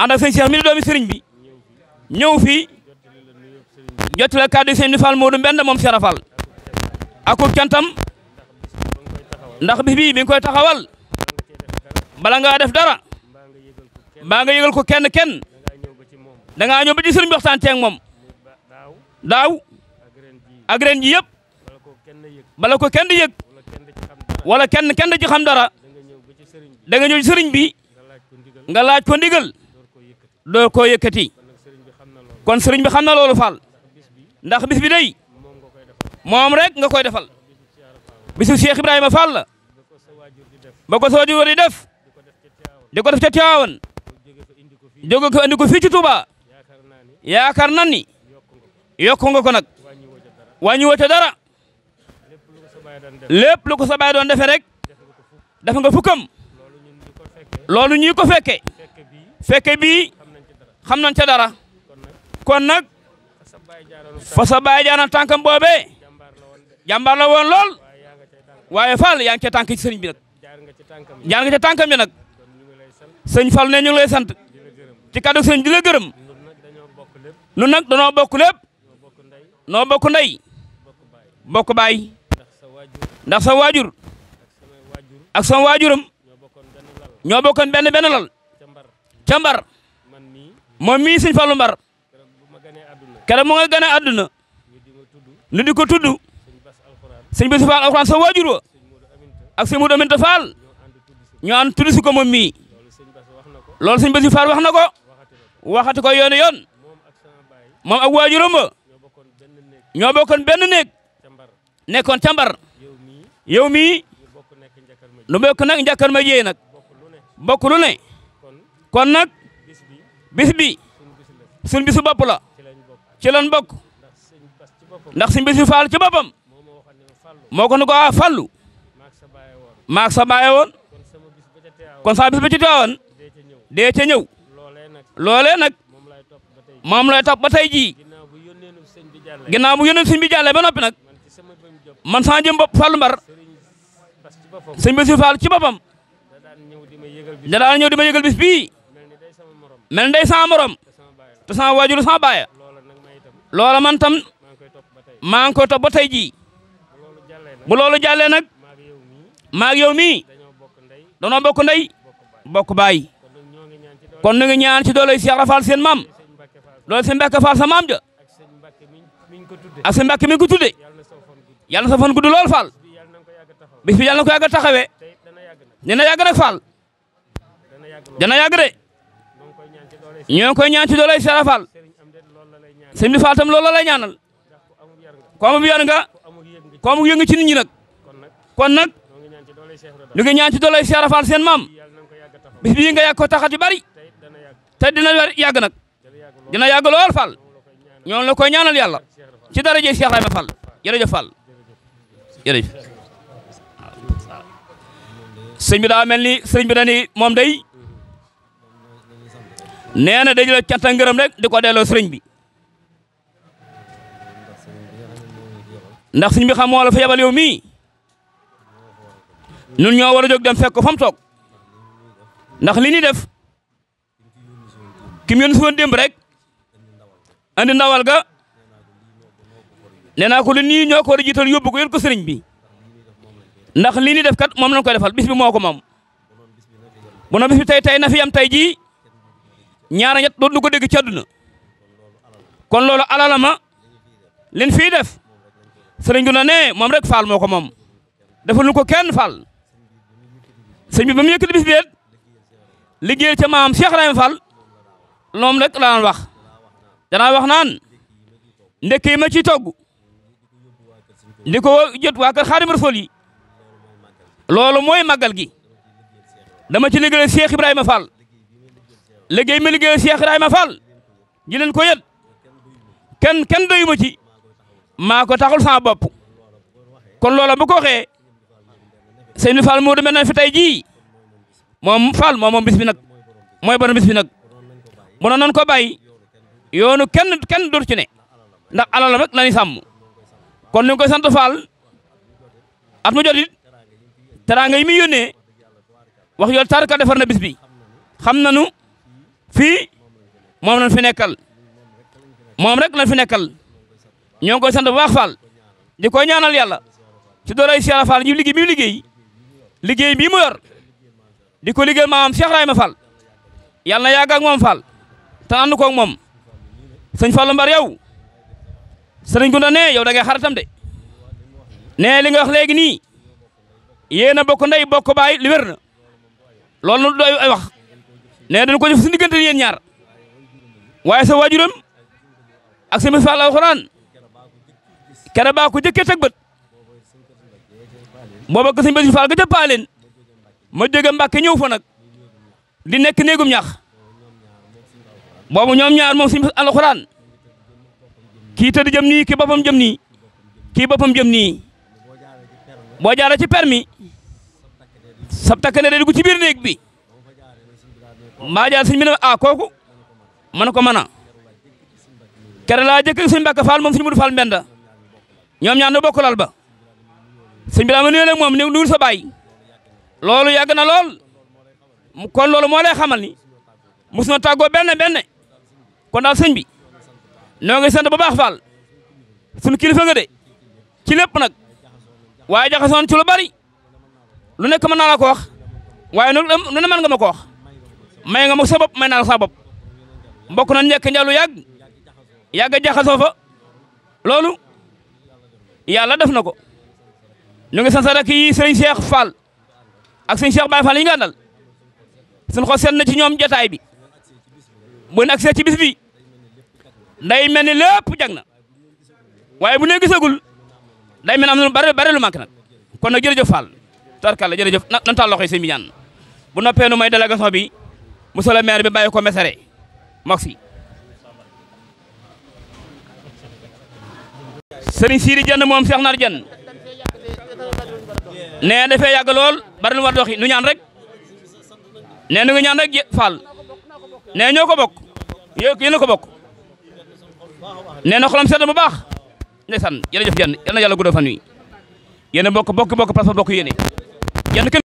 ànd ak sëñ Cheikh mi di doomi sëriñ bi ñëw fii jot la kàddu sëñ bi Fall Modou Mbend moom Cheikh Fall akub cantam ndax bi bii bi nga koy taxawal bala ngaa def dara baa nga yëgal ko kenn kenn da ngaa ñëw ba ci sëriñ bi waxtaan teeg moom daaw ak ren ji yëpp bala ko kenn di yëg wala kenn kenn di ci xam dara da nga ñëw ci sëriñ bi nga laaj ko ndigal doo ko yëkkati kon sëriñ bi xam na loolu Fall ndax bis bi day moom rek nga koy defal bisu Cheikh Ibrahima Fall la ba ko sa waajur di def di ko def ca Tiwaawan jóge ko indi ko fii ci Touba yaakaar nan ni yokku nga ko nag wàññi woo ca dara lépp lu ko sa baay doon defee rek def nga fukkam loolu ñii ko fekke fekke bii xam nañ ca dara kon nag fa sa baay jaaroon tànkam boobee jàmbaar la woon lool waaye Fall yaa ngi ca tànk ci sëriñ bi jaar nga ca tànkam bi nag sëñ Fall ne ñu ngi lay sant ci kaddu sëñ di la gërëm nu nag danoo bokk lépp noo bokk ndey bokk baay ndax sa waajur ak sa waajuram ñoo bokkoon benn benn lal ca mbar moom mii sëñ Fallou Mbar keroog mu nga gane àdduna nu di ko tudd sëñ Bass Fall alxuraan sa waajur wa ak sëñ Modou Aminta Fall ñu ànd tudd si ko moom mii loolu sëñ Bass Fall wax na ko waxati ko yoon yoon moom ak waajuram ba ñoo bokkoon benn néeg nekkoon cambar yow mii nu bokk nag njàkkar ma jéey nag bokk lu ne kon nag bis bi suñ bisu bopp la ci lan bokk ndax suñ bisu faal ci boppam moo ko nu ko a ah fàllu maak sa baaye woon kon saa bis ba ci teewoon dee ca ñëw loolee nag moom lay topp ba tey jii ginnaaw bu yónneen sëñ bi jàllee ba noppi nag man sama jëm bopp fàllu mbar sëñ bisu faal ci boppam da daan ñëw di ma yëgal bis bii mel ndey sama morom te sama waajur sama baaya loola man tam maa ngi koy topp ba tey jii bu loolu jàllee nag maa ak yow mii danoo bokk ndey bokk baay kon nu ngi ñaan ci dooley Cheikh Rafal seen maam loolu seen Mbàkke Faal sa maam ja ak seen Mbàkke mi ngi ko tudde yàlla na sa fan gudd lool Faal bis bi yàlla na ko yàgg a taxawee dina yàgg nag Faal dana yàgg de ñoo ko koy ñaan ci doolay Seex Faal sëñ bi Faal tam loolu la lay ñaanal ko amub yar nga ko amub yëngu ci nit ñi nag kon nag ñu ngi ñaan ci doolay Seex Faal seen maam yàgg ko taxat yu dina yàgg nag dina yàgg lool Faal ñoo la koy ñaanal yàlla ci daraje Seex Ibrahima Faal jërëjëf Faal jërëjëf sëñ bi daa mel ni sëñ bi dañuy moom day nee na dañu la canta ngërëm rek di ko delloo sëriñ bi ndax sëriñ bi xam moo la fa yabal yow mii ñun ñoo war a jóg dem fekk ko fa mu toog ndax li ñuy def ki mu yónni si woon démb rek ndawal ga nee naa ko li nii ñoo ko war a jiital yóbbu ko yóbbu ko sëriñ ndax li def kat moom lañ koy defal bis bi moo ko moom bu no tey tey na fi am tey jii ñaara ñett dootu ko dégg ci àdduna kon loolu alalama lin fii def sëriñ bi na moom rek faal moo ko moom defal nu ko kenn faal sëñ bi ba mu yëkkati bis liggéey ca maam Cheikh Ibrahima Fall moom rek la wax danaa wax naan ndekk yi ma ciy togg ndi ko jot waa kër Xaadimu Rasuul yi loolu mooy màggal gi dama ci liggéeyal Cheikh Ibrahima Fall liggéey ma liggéey Cheikh Ibrahima ma ji leen ko yët kenn kenn doyu ma ci maa ko taxul sama bopp kon loola bu ko waxee Seydou Fall moo demee na fi tey jii moom Fall moom moom bis bi nag mooy borom bis bi nag mënoon nañu ko bàyyi yoonu kenn kenn dur ci ne ndax alalam rek la ñuy sàmm kon ni nga koy sant Fall at mu jot it teraanga yi muy yónnee wax yoon tarka defar na bis bi xam nañu fii moom lañ fi nekkal moom rek lañ fi nekkal ñoo ngi koy sant bu baax di ko ñaanal yàlla ci doolay Cheikh Fall ñu liggéey bi mu liggéey liggéey bii mu ko liggéeyal maam Cheikh Rahima Fall yàlla na yàgg ak moom Fall te ànd moom sëñ Fallou Mbar yow sëriñ Gunda ne yow danga ngay de ne li nga wax léegi nii yéen a bokk ndey bokk baay li wér na loolu ay wax. nee dañ ko def suñu diggante yéen ñaar waaye sa waajuram ak sa alxuraan kere baa ko jëkkee teg bët booba ko sëñ Basiru Faal ga ca paaleen ma jóge Mbàkke ñëw fa nag di nekk néegum ñax boobu ñoom ñaar moom sëñ alxuraan kii tëdd jëm nii kii boppam jëm nii kii boppam jëm nii boo jaaree ci permis sab takk ne day dugg ci biir néeg bi mbaa jaa sëñ bi ne ah kooku man ko mën a kere laa jëkk sëñ Mbàkke Fall moom sëñ Mudu Fall Mbenda ñoom ñaan na ba sëñ bi daa ma nuyoo leen moom néew nuul sa baay loolu yàgg na lool kon loolu moo xamal ni mos na tàggoo benn benn kon daal sëñ bi noo ngi sant bu baax Fall sunu kilifa nga de ci lépp nag waaye jaxasoon ci lu bari lu nekk mën naa la ko wax waaye nu ne mën nga ma ko wax. may nga ma sa bopp may naa sa bopp mbokk na njëkk njalu yàgg yàgg a jaxasoo fa loolu yàlla def na ko ñu ngi sant rek yi sëñ Cheikh Fall ak sëñ Cheikh Baye Fall yi nga àndal suñ xol seet na ci ñoom jataay bi bu ñu agsee ci bis bi day mel ni lépp jag na waaye bu ñu gisagul day mel am na lu bari bari lu manqué nag kon nag jërëjëf Fall tarkalla jërëjëf nan tàlloo xëy sëñ bi ñaan bu noppee nu may délégation bi monsieur le maire bi bàyyi ko mesare mag fi sëriñ Sidi Dieng moom Cheikh Nar Dieng nee dafee yàgg lool bari lu war doxi nu ñaan rek ne nu nga ñaan rek Fall nee ñoo ko bokk yow a ko bokk nee na xolam sedd bu baax ndeysaan jërëjëf Dieng yal na yàlla guddal fan wi yéen bokk bokk bokk parce que bokk yéene Dieng